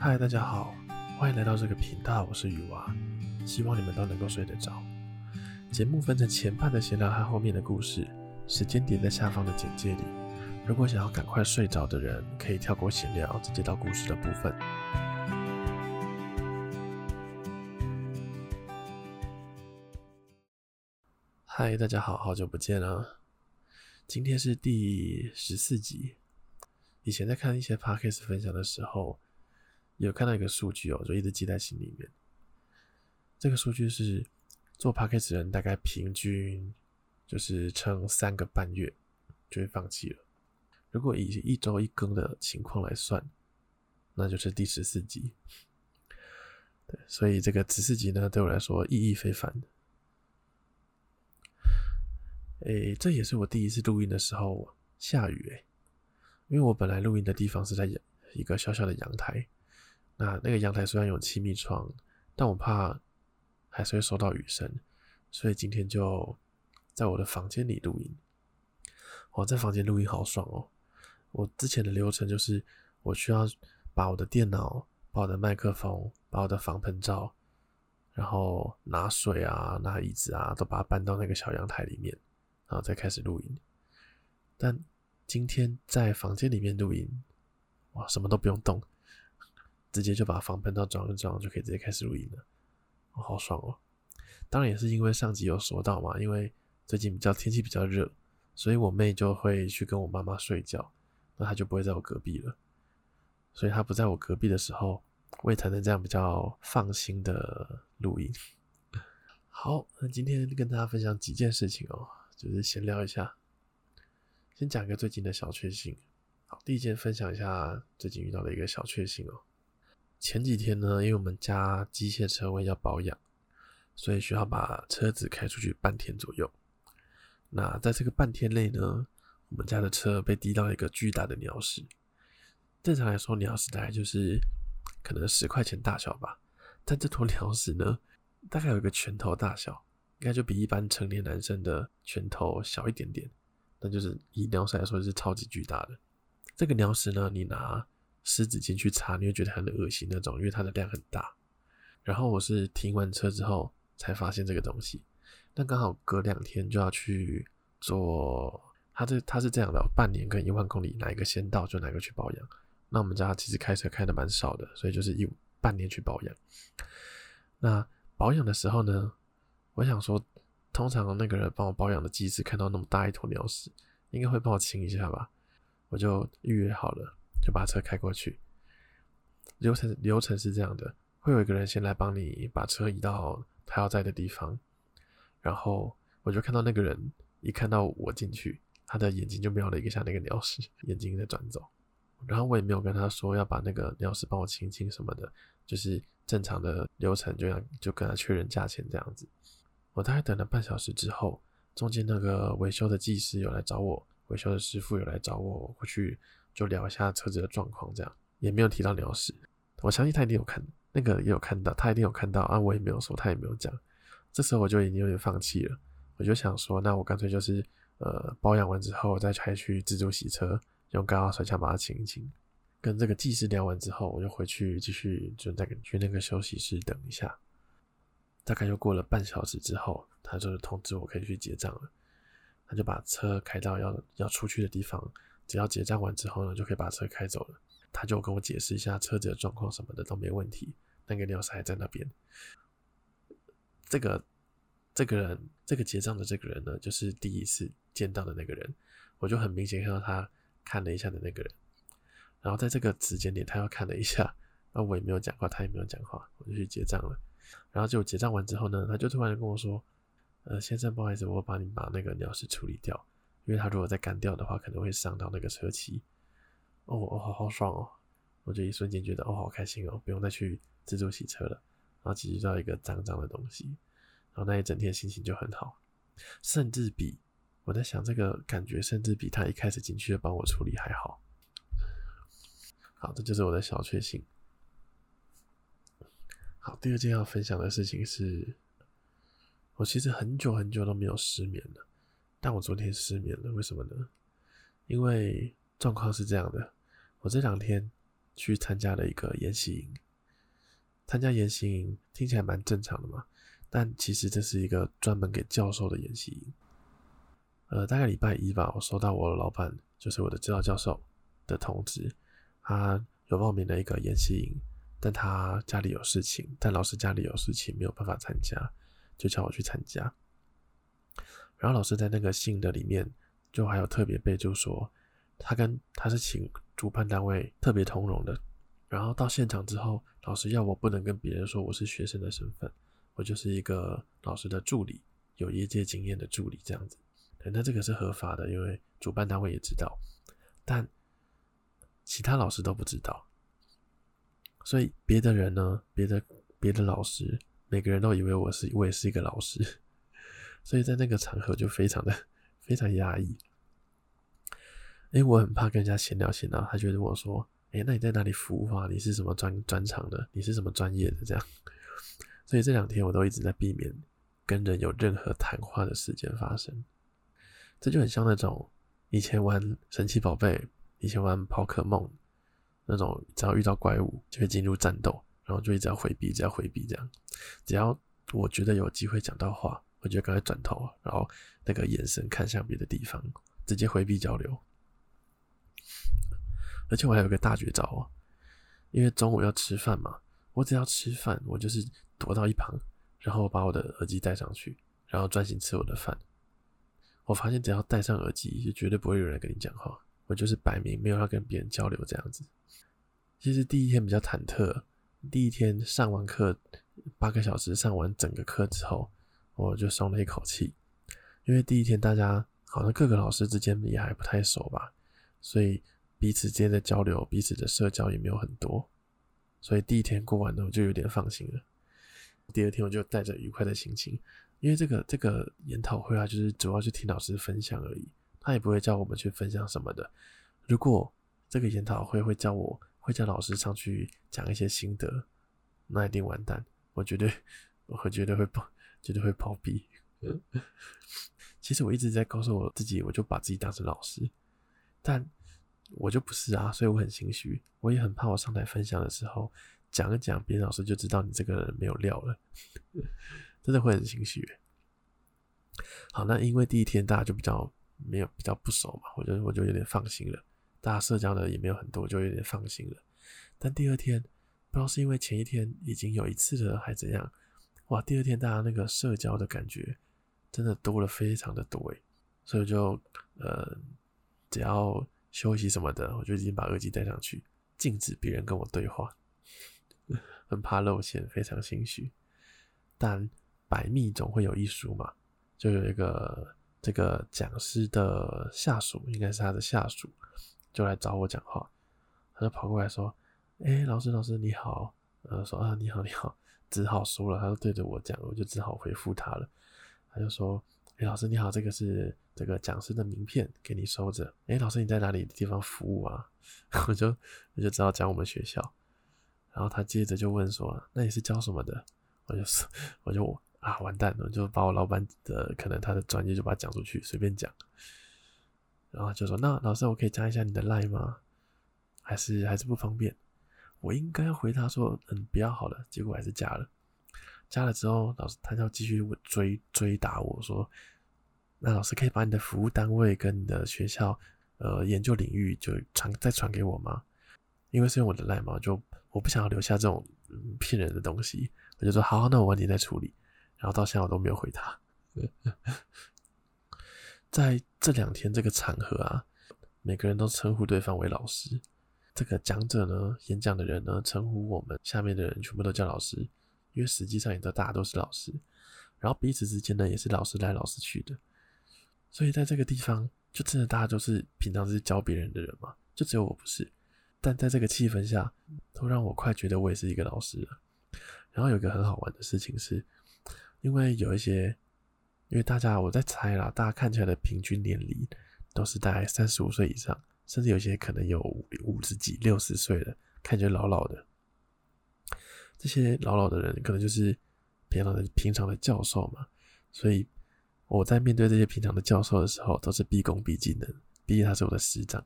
嗨，Hi, 大家好，歡迎來到這個頻道，我是雨娃，希望你們都能夠睡得着。節目分成前半的閒聊和後面的故事，時間點在下方的簡介裡。如果想要趕快睡着的人，可以跳過閒聊，直接到故事的部分。嗨，大家好，好久不見了，今天是第十四集。以前在看一些 podcast 分享的時候。有看到一個數據哦、喔，就一直記在心裡面。這個數據是做 podcast 的人，大概平均就是撐三個半月就會放棄了。如果以一周一更的情況來算，那就是第十四集。對，所以這個十四集呢，對我來說意義非凡的。誒、欸，這也是我第一次錄音的時候下雨誒、欸，因為我本來錄音的地方是在陽一個小小的陽台。那那個陽台雖然有氣密窗，但我怕還是會收到雨聲，所以今天就在我的房間裡錄音。我在房間錄音好爽哦、喔！我之前的流程就是，我需要把我的電腦、把我的麥克風、把我的防噴罩，然後拿水啊、拿椅子啊，都把它搬到那個小陽台裡面，然後再開始錄音。但今天在房間裡面錄音，哇，什麼都不用動。直接就把防噴罩裝一裝，就可以直接開始錄音了，我、哦、好爽哦！當然也是因為上集有說到嘛，因為最近比較天氣比較熱，所以我妹就會去跟我媽媽睡覺，那她就不會在我隔壁了。所以她不在我隔壁的時候，我也才能這樣比較放心的錄音。好，那今天跟大家分享幾件事情哦，就是閒聊一下，先講一個最近的小確幸。好，第一件分享一下最近遇到的一個小確幸哦。前幾天呢，因為我們家機械車位要保養，所以需要把車子開出去半天左右。那在這個半天內呢，我們家的車被滴到一個巨大的鳥屎。正常來說，鳥屎大概就是可能十塊錢大小吧，但這坨鳥屎呢，大概有一個拳頭大小，應該就比一般成年男生的拳頭小一點點，那就是以鳥屎來說是超級巨大的。這個鳥屎呢，你拿濕紙巾去擦，你會覺得很噁心那種，因為它的量很大。然後我是停完車之後才發現這個東西。那剛好隔兩天就要去做，它這它是這樣的，半年跟一萬公里哪一個先到就哪個去保養。那我們家其實開車開的蠻少的，所以就是一半年去保養。那保養的時候呢，我想說，通常那個人幫我保養的技師看到那麼大一坨鳥屎，應該會幫我清一下吧，我就預約好了。就把車開過去。流程流程是這樣的，會有一個人先來幫你把車移到他要載的地方，然後我就看到那個人一看到我進去，他的眼睛就瞄了一下那個鳥屎，眼睛一直在轉走。然後我也沒有跟他說要把那個鳥屎幫我清清什麼的，就是正常的流程就，就像就跟他確認價錢這樣子。我大概等了半小時之後，中間那個維修的技師有來找我，維修的師傅有來找我過去。就聊一下車子的狀況，這樣也沒有提到鳥屎。我相信他一定有看，那個也有看到，他一定有看到啊。我也沒有說，他也沒有講。這時候我就已經有點放棄了，我就想說，那我乾脆就是呃保養完之後再開去自助洗車，用高壓水槍把它清一清。跟這個技師聊完之後，我就回去繼續就那個去那個休息室等一下。大概又過了半小時之後，他就通知我可以去結賬了。他就把車開到要要出去的地方。只要結賬完之後呢，就可以把車開走了。他就跟我解釋一下車子的狀況什麼的都沒問題，那個鳥屎還在那邊。這個這個人，這個結賬的這個人呢，就是第一次見到的那個人，我就很明顯看到他看了一下的那個人。然後在這個時間點，他又看了一下，那我也沒有講話，他也沒有講話，我就去結賬了。然後就結賬完之後呢，他就突然跟我說：“呃，先生，不好意思，我幫你把那個鳥屎處理掉。”因為他如果再乾掉的話，可能會傷到那個車漆。哦哦，好好爽哦！我就一瞬間覺得，哦，好開心哦！不用再去自助洗車了，然後洗到一個髒脏的東西，然後那一整天心情就很好，甚至比我在想這個感覺，甚至比他一開始進去就幫我處理還好。好，這就是我的小確幸。好，第二件要分享的事情是，我其實很久很久都沒有失眠了。但我昨天失眠了，為什麼呢？因為狀況是這樣的，我這兩天去參加了一個研習營。參加研習營聽起來蠻正常的嘛，但其實這是一個專門給教授的研習營。呃，大概禮拜一吧，我收到我的老板，就是我的指導教授的通知，他有報名了一個研習營，但他家裡有事情，但老師家裡有事情沒有辦法參加，就叫我去參加。然後老師在那個信的裡面，就還有特別備註說，他跟他是請主辦單位特別通融的。然後到現場之後，老師要我不能跟別人說我是學生的身份，我就是一個老師的助理，有業界經驗的助理這樣子。那這個是合法的，因為主辦單位也知道，但其他老師都不知道。所以別的人呢，別的別的老師，每個人都以為我是我也是一個老師。所以在那個場合就非常的非常壓抑。哎，我很怕跟人家閒聊閒聊，他覺得我說：“哎、欸，那你在哪裡服務啊？你是什麼專專長的？你是什麼專業的？”這樣，所以這兩天我都一直在避免跟人有任何談話的時間發生。這就很像那種以前玩神奇寶貝，以前玩寶可夢那種，只要遇到怪物就會進入戰鬥，然後就一直要回避，一直要回避，這樣。只要我覺得有機會講到話，我就趕快轉頭，然後那個眼神看向別的地方，直接回避交流。而且我還有一個大絕招喔，因為中午要吃飯嘛，我只要吃飯，我就是躲到一旁，然後把我的耳機戴上去，然後專心吃我的飯。我發現只要戴上耳機，就絕對不會有人跟你講話。我就是擺明沒有要跟別人交流這樣子。其實第一天比較忐忑，第一天上完課八個小時上完整個課之後，我就鬆了一口氣，因為第一天大家好像各個老師之間也還不太熟吧，所以彼此間的交流、彼此的社交也沒有很多，所以第一天過完呢，我就有點放心了。第二天我就帶着愉快的心情，因為這個這個研討會啊，就是主要去聽老師分享而已，他也不會叫我們去分享什麼的。如果這個研討會會叫我會叫老師上去講一些心得，那一定完蛋，我絕對，我絕對會不。絕對會跑偏。 其實我一直在告訴我自己，我就把自己當成老師，但我就不是啊，所以我很心虛。我也很怕我上台分享的時候講一講，別人老師就知道你這個人沒有料了， 真的會很心虛。好，那因為第一天大家就比較沒有比較不熟嘛，我覺得我就有點放心了，大家社交的也沒有很多，我就有點放心了。但第二天不知道是因為前一天已經有一次了，還怎樣？哇，第二天大家那個社交的感覺真的多了非常的多誒，所以我就呃，只要休息什麼的，我就已經把耳機戴上去，禁止別人跟我對話， 很怕露餡，非常心虛。但百密總會有一疏嘛，就有一個這個講師的下屬，應該是他的下屬，就來找我講話，他就跑過來說：“哎、欸，老師老師你好。”呃，說：“啊，你好你好。”只好說了，他就對着我講，我就只好回復他了。他就說：“哎、欸，老師你好，這個是這個講師的名片，給你收着。”哎，老師你在哪裡的地方服務啊？我就我就只好講我們學校。然後他接着就問說：“那你是教什麼的？”我就說：“我就啊，完蛋了，我就把我老板的可能他的專業就把它講出去，隨便講。”然後就說：“那老師我可以加一下你的 line 嗎？還是還是不方便？”我應該回答說，嗯，不要好了。結果還是加了，加了之後，老師他就要繼續追追打我說，那老師可以把你的服務單位跟你的學校，呃，研究領域就傳再傳給我嗎？因為是用我的賴嘛，就我不想要留下這種嗯、騙人的東西。我就說好，那我晚點再處理。然後到現在我都沒有回他。 在這兩天這個場合啊，每個人都稱呼對方為老師。這個講者呢，演講的人呢，稱呼我們下面的人全部都叫老師，因為實際上也都大家都是老師，然後彼此之間呢也是老師來老師去的，所以在這個地方就真的大家都是平常是教別人的人嘛，就只有我不是，但在這個氣氛下，都讓我快覺得我也是一個老師了。然後有一個很好玩的事情是，因為有一些，因為大家我在猜啦，大家看起來的平均年齡都是大概三十五歲以上。甚至有些可能有五,五十幾、六十歲的，看起來老老的。這些老老的人可能就是平常的平常的教授嘛，所以我在面對這些平常的教授的時候，都是畢恭畢敬的，畢竟他是我的師長。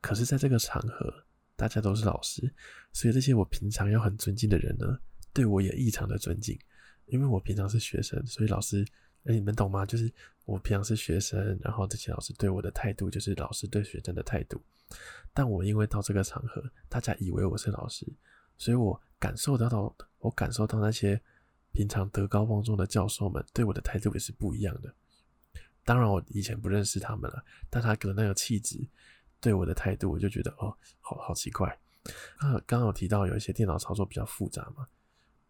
可是，在這個場合，大家都是老師，所以這些我平常要很尊敬的人呢，對我也異常的尊敬，因為我平常是學生，所以老師。哎、欸，你們懂嗎？就是我平常是學生，然後這些老師對我的態度，就是老師對學生的態度。但我因為到這個場合，大家以為我是老師，所以我感受得到，我感受到那些平常德高望重的教授們對我的態度也是不一樣的。當然，我以前不認識他們了，但他可能那個氣質對我的態度，我就覺得哦，好好奇怪。那剛剛有提到有一些電腦操作比較複雜嘛，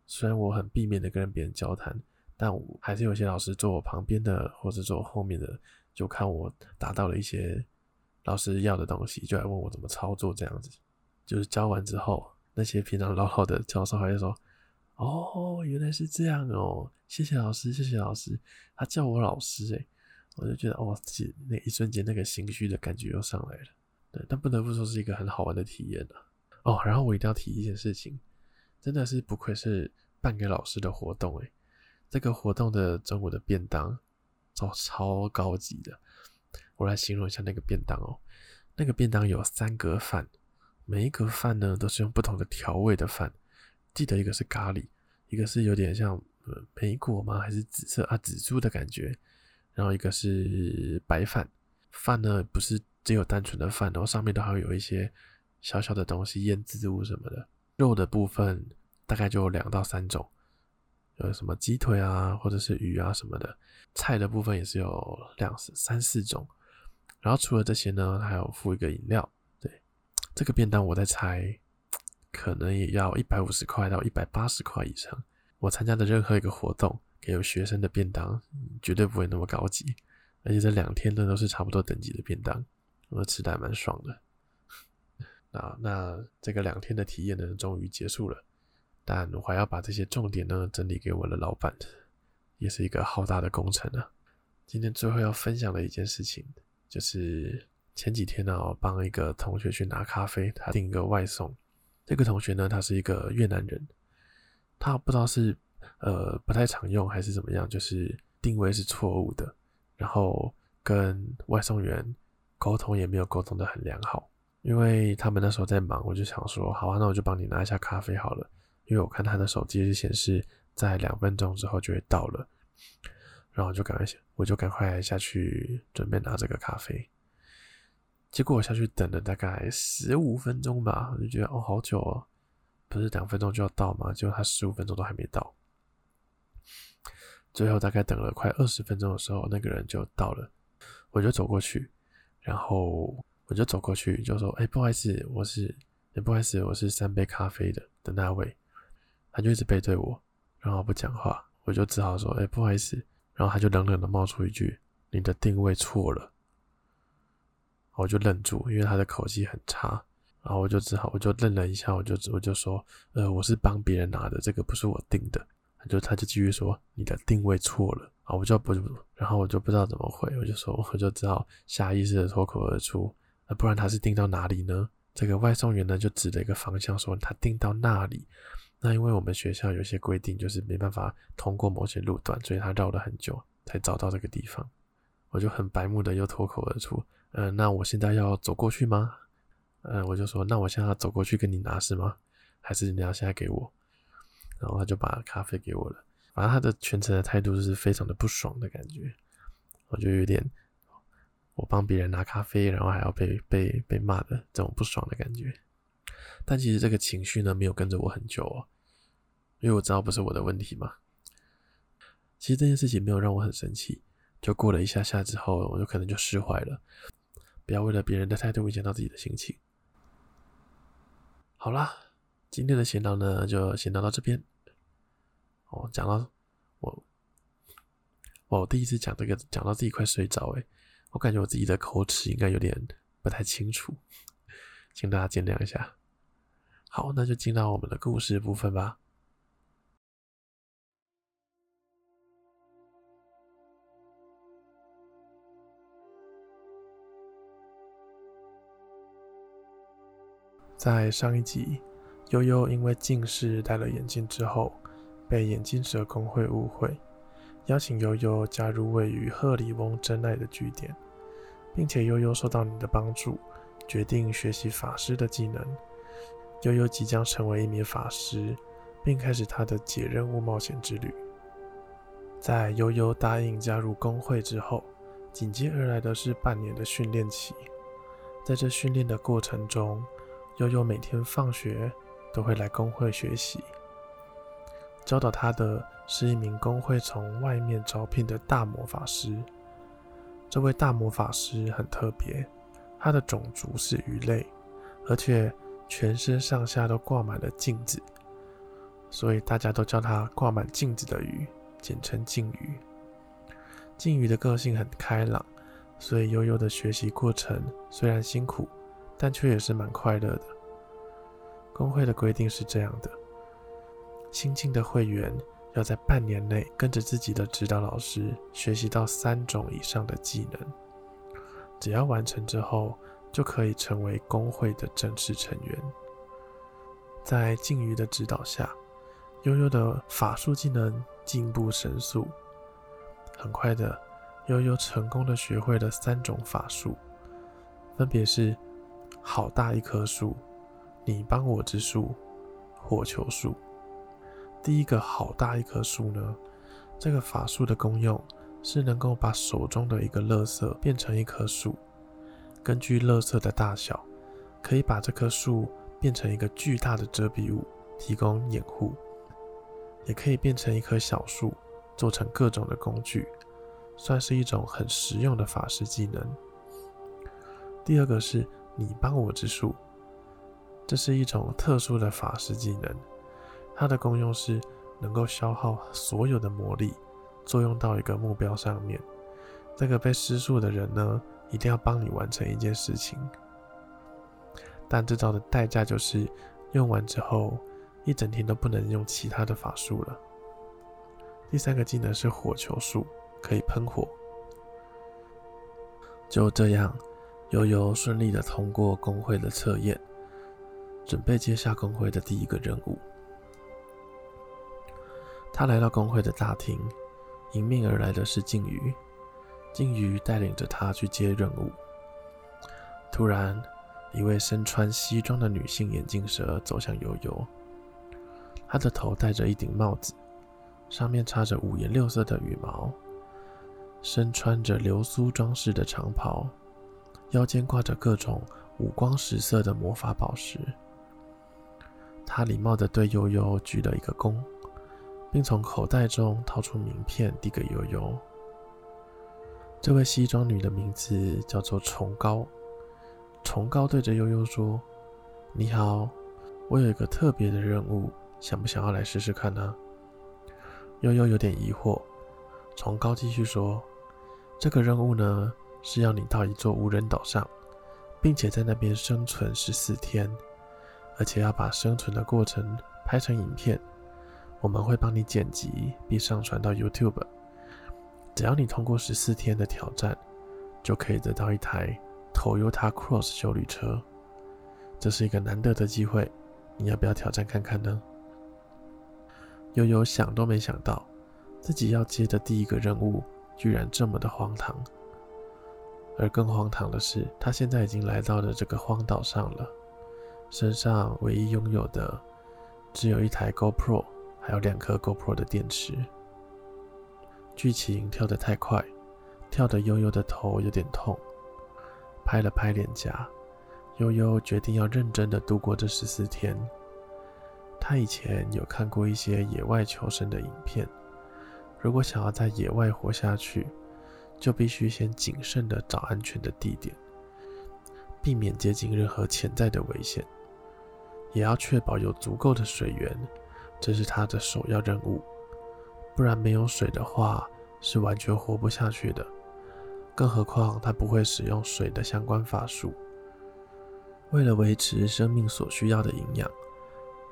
雖然我很避免的跟別人交談。但我還是有些老師坐我旁邊的，或者坐我後面的，就看我達到了一些老師要的東西，就來問我怎麼操作這樣子。就是教完之後，那些平常嘮叨的教授還會說：“哦，原來是這樣哦，謝謝老師，謝謝老師。”他叫我老師哎、欸，我就覺得哦，自己那一瞬間那個心虛的感覺又上來了。對，但不得不說是一個很好玩的體驗、啊、哦，然後我一定要提一件事情，真的是不愧是辦給老師的活動哎、欸。這個活動的中午的便當，超、哦、超高級的。我來形容一下那個便當哦，那個便當有三格飯，每一格飯呢都是用不同的調味的飯。記得一個是咖喱，一個是有點像嗯、莓果嗎？還是紫色啊，紫珠的感覺？然後一個是白飯，飯呢不是只有單純的飯，然後上面都還會有一些小小的東西、醃製物什麼的。肉的部分大概就兩到三種。有什麼雞腿啊，或者是魚啊什麼的，菜的部分也是有兩三四種。然後除了這些呢，還有附一個飲料。對，這個便當我在猜，可能也要一百五十塊到一百八十塊以上。我參加的任何一個活動，給有學生的便當，嗯，絕對不會那麼高級。而且這兩天的都是差不多等級的便當，我吃的還蠻爽的。那那這個兩天的體驗呢，終於結束了。但我還要把這些重點呢整理，給我的老板，也是一個浩大的工程啊。今天最後要分享的一件事情，就是前幾天呢，啊，我幫一個同學去拿咖啡，他訂一個外送。這個同學呢，他是一個越南人，他不知道是呃不太常用還是怎麼樣，就是定位是錯誤的，然後跟外送員溝通也沒有溝通的很良好，因為他們那時候在忙，我就想說，好啊，那我就幫你拿一下咖啡好了。因為我看他的手機是顯示在兩分鐘之後就會到了，然後我就趕快想，我就趕快下去準備拿這個咖啡。結果我下去等了大概十五分鐘吧，我就覺得哦，好久哦，不是兩分鐘就要到嗎？結果他十五分鐘都還沒到。最後大概等了快二十分鐘的時候，那個人就到了，我就走過去，然後我就走過去就說：“哎、欸，不好意思，我是……哎、欸，不好意思，我是三杯咖啡的的那位。”他就一直背對我，然後不講話，我就只好說：“哎，不好意思。”然後他就冷冷的冒出一句：“你的定位錯了。”我就愣住，因為他的口氣很差。然後我就只好，我就愣了一下，我就我就說：“呃，我是幫別人拿的，這個不是我訂的。”他就他就他就繼續說：“你的定位錯了。”啊，我就不，然後我就不知道怎麼回，我就說我就只好下意識的脫口而出：“那不然他是定到哪裡呢？”這個外送員呢就指了一個方向，說：“他定到那裡。”那因為我們學校有些規定，就是沒辦法通過某些路段，所以他繞了很久才找到這個地方。我就很白目的又脫口而出：“嗯、呃，那我現在要走過去嗎？”嗯、呃，我就說：“那我現在要走過去跟你拿是嗎？還是你要現在給我？”然後他就把咖啡給我了。反正他的全程的態度就是非常的不爽的感覺。我就有點，我幫別人拿咖啡，然後還要被被被罵的這種不爽的感覺。但其實這個情緒呢，沒有跟着我很久哦，因為我知道不是我的問題嘛。其實這件事情沒有讓我很生氣，就過了一下下之後，我就可能就釋懷了。不要為了別人的態度影響到自己的心情。好啦，今天的閒聊呢，就閒聊到這邊。哦，講到我，我第一次講這個，講到自己快睡着誒、欸，我感覺我自己的口齒應該有點不太清楚，請大家見諒一下。好，那就進到我們的故事部分吧。在上一集，悠悠因為近視戴了眼鏡之後，被眼鏡蛇工會誤會，邀請悠悠加入位於赫里翁真愛的據點，並且悠悠受到你的幫助，決定學習法師的技能。悠悠即將成為一名法師，並開始他的解任務冒險之旅。在悠悠答應加入工會之後，緊接而來的是半年的訓練期。在這訓練的過程中，悠悠每天放學都會來工會學習。教導他的是一名工會從外面招聘的大魔法師。這位大魔法師很特別，他的種族是魚類，而且。全身上下都掛滿了鏡子，所以大家都叫它“掛滿鏡子的魚”，簡稱“鏡魚”。鏡魚的個性很開朗，所以悠悠的學習過程雖然辛苦，但卻也是蠻快樂的。工會的規定是這樣的：新進的會員要在半年內跟着自己的指導老師學習到三種以上的技能，只要完成之後，就可以成為工會的正式成員。在靖瑜的指導下，悠悠的法術技能進步神速。很快的，悠悠成功的學會了三種法術，分別是“好大一棵樹”、“你幫我之術”、“火球術”。第一個“好大一棵樹”呢，這個法術的功用是能夠把手中的一個垃圾變成一棵樹。根據垃圾的大小，可以把這棵樹變成一個巨大的遮蔽物，提供掩護；也可以變成一棵小樹，做成各種的工具，算是一種很實用的法師技能。第二個是“你幫我之術”，這是一種特殊的法師技能，它的功用是能夠消耗所有的魔力，作用到一個目標上面。這個被施術的人呢，一定要幫你完成一件事情，但這招的代價就是用完之後一整天都不能用其他的法術了。第三個技能是火球術，可以噴火。就這樣，悠悠順利地通過工會的測驗，準備接下工會的第一個任務。他來到工會的大廳，迎面而來的是靖魚。靜宇帶領着他去接任務。突然，一位身穿西裝的女性眼鏡蛇走向悠悠。她的頭戴着一頂帽子，上面插着五顏六色的羽毛，身穿着流蘇裝飾的長袍，腰間掛着各種五光十色的魔法寶石。她禮貌地對悠悠鞠了一個躬，並從口袋中掏出名片遞給悠悠。這位西裝女的名字叫做崇高。崇高對着悠悠說：“你好，我有一個特別的任務，想不想要來試試看呢？”悠悠有點疑惑。崇高繼續說：“這個任務呢，是要你到一座無人島上，並且在那邊生存十四天，而且要把生存的過程拍成影片，我們會幫你剪輯並上傳到 YouTube。”只要你通過十四天的挑戰，就可以得到一台 Toyota Cross 休旅車。這是一個難得的機會，你要不要挑戰看看呢？悠悠想都沒想到，自己要接的第一個任務居然這麼的荒唐。而更荒唐的是，他現在已經來到了這個荒島上了，身上唯一擁有的只有一台 GoPro，還有兩顆 GoPro 的電池。劇情跳得太快，跳得悠悠的頭有點痛，拍了拍臉頰。悠悠決定要認真的度過這十四天。他以前有看過一些野外求生的影片，如果想要在野外活下去，就必須先謹慎的找安全的地點，避免接近任何潛在的危險，也要確保有足夠的水源，這是他的首要任務。不然沒有水的話，是完全活不下去的。更何況他不會使用水的相關法術。為了維持生命所需要的營養，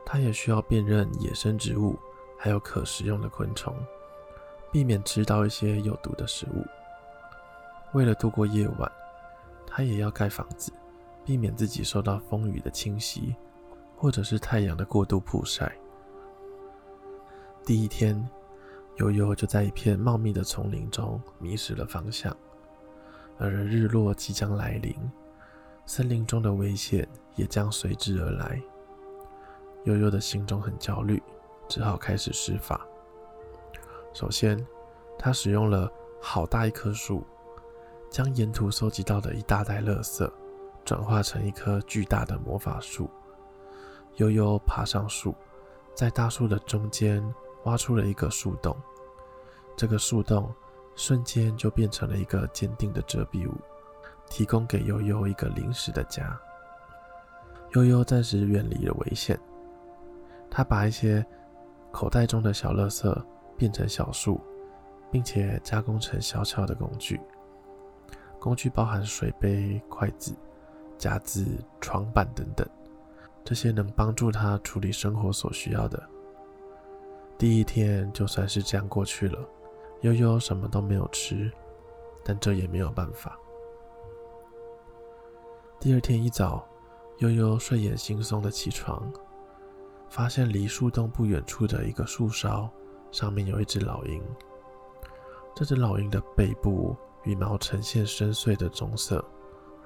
他也需要辨認野生植物，還有可食用的昆蟲，避免吃到一些有毒的食物。為了度過夜晚，他也要蓋房子，避免自己受到風雨的侵襲，或者是太陽的過度曝曬。第一天，悠悠就在一片茂密的叢林中迷失了方向，而日落即將來臨，森林中的危險也將隨之而來。悠悠的心中很焦慮，只好開始施法。首先，他使用了好大一棵樹，將沿途收集到的一大袋垃圾轉化成一棵巨大的魔法樹。悠悠爬上樹，在大樹的中間，挖出了一個樹洞，這個樹洞瞬間就變成了一個堅定的遮蔽物，提供給悠悠一個臨時的家。悠悠暫時遠離了危險，他把一些口袋中的小垃圾變成小樹，並且加工成小巧的工具。工具包含水杯、筷子、夾子、床板等等，這些能幫助他處理生活所需要的。第一天就算是這樣過去了，悠悠什麼都沒有吃，但這也沒有辦法。第二天一早，悠悠睡眼惺忪的起床，發現離樹洞不遠處的一個樹梢上面有一隻老鷹。這隻老鷹的背部羽毛呈現深邃的棕色，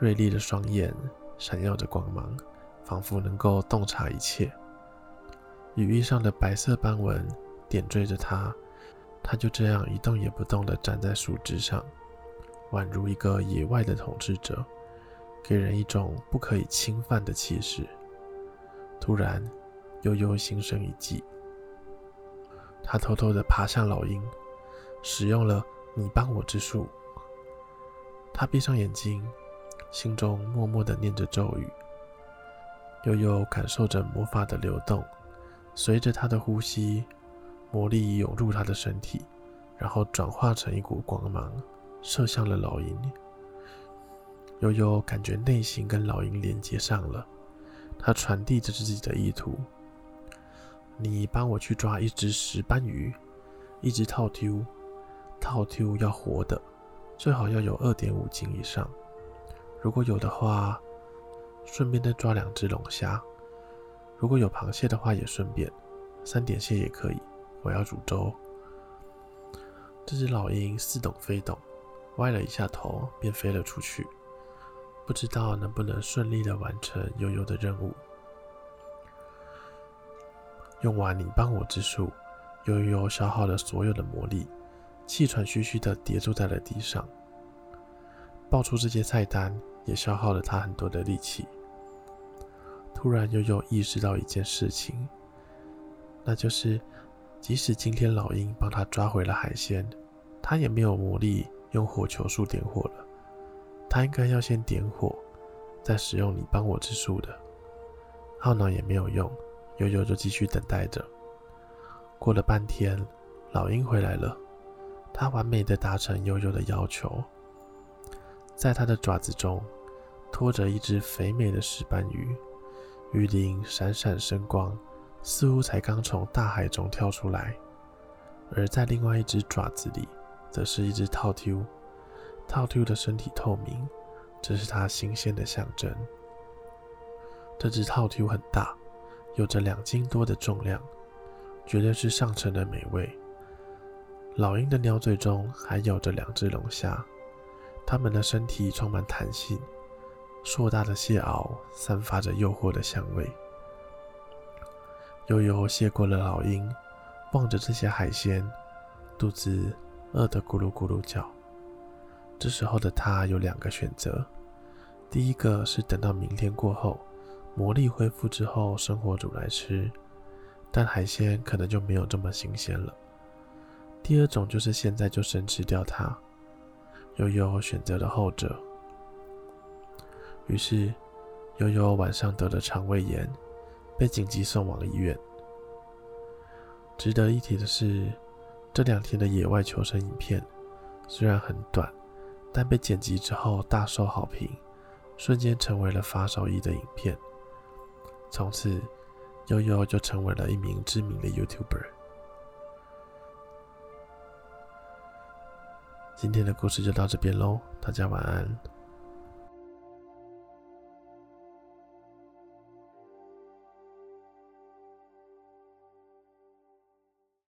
銳利的雙眼閃耀着光芒，仿佛能夠洞察一切。羽翼上的白色斑紋。點綴着它，它就這樣一動也不動地站在樹枝上，宛如一個野外的統治者，給人一種不可以侵犯的氣勢。突然，悠悠心生一計，他偷偷地爬上老鷹，使用了“你幫我之術”。他閉上眼睛，心中默默地念着咒語，悠悠感受着魔法的流動，隨着他的呼吸。魔力湧入他的身體，然後轉化成一股光芒，射向了老鷹。悠悠感覺內心跟老鷹連接上了，他傳遞着自己的意圖：你幫我去抓一只石斑魚，一只套丟，套丟要活的，最好要有二點五斤以上。如果有的話，順便再抓兩只龍蝦。如果有螃蟹的話，也順便三點蟹也可以。我要煮粥。這隻老鷹似懂非懂，歪了一下頭，便飛了出去。不知道能不能順利的完成悠悠的任務。用完你幫我之術，悠悠消耗了所有的魔力，氣喘吁吁的跌坐在了地上。爆出這些菜單，也消耗了他很多的力氣。突然，悠悠意識到一件事情，那就是。即使今天老鷹幫他抓回了海鮮，他也沒有魔力用火球術點火了。他應該要先點火，再使用你幫我之術的。懊惱也沒有用，悠悠就繼續等待着。過了半天，老鷹回來了，他完美的達成悠悠的要求，在他的爪子中，拖着一隻肥美的石斑魚，魚鱗閃閃生光。似乎才剛從大海中跳出來，而在另外一隻爪子裡，則是一隻透抽。透抽的身體透明、so right it it，這是它新鮮的象徵。這隻透抽很大，有着兩斤多的重量，絕對是上乘的美味。老鷹的鳥嘴中還有着兩隻龍蝦，它們的身體充滿彈性，碩大的蟹螯散發着誘惑的香味。悠悠謝過了老鷹，望着這些海鮮，肚子餓得咕嚕咕嚕叫。這時候的他有兩個選擇：第一個是等到明天過後，魔力恢復之後，生火煮來吃，但海鮮可能就沒有這麼新鮮了；第二種就是現在就生吃掉它。悠悠選擇了後者，於是悠悠晚上得了腸胃炎。被緊急送往醫院。值得一提的是，這兩天的野外求生影片雖然很短，但被剪輯之後大受好評，瞬間成為了發燒友的影片。從此，悠悠就成為了一名知名的 YouTuber。今天的故事就到這邊嘍，大家晚安。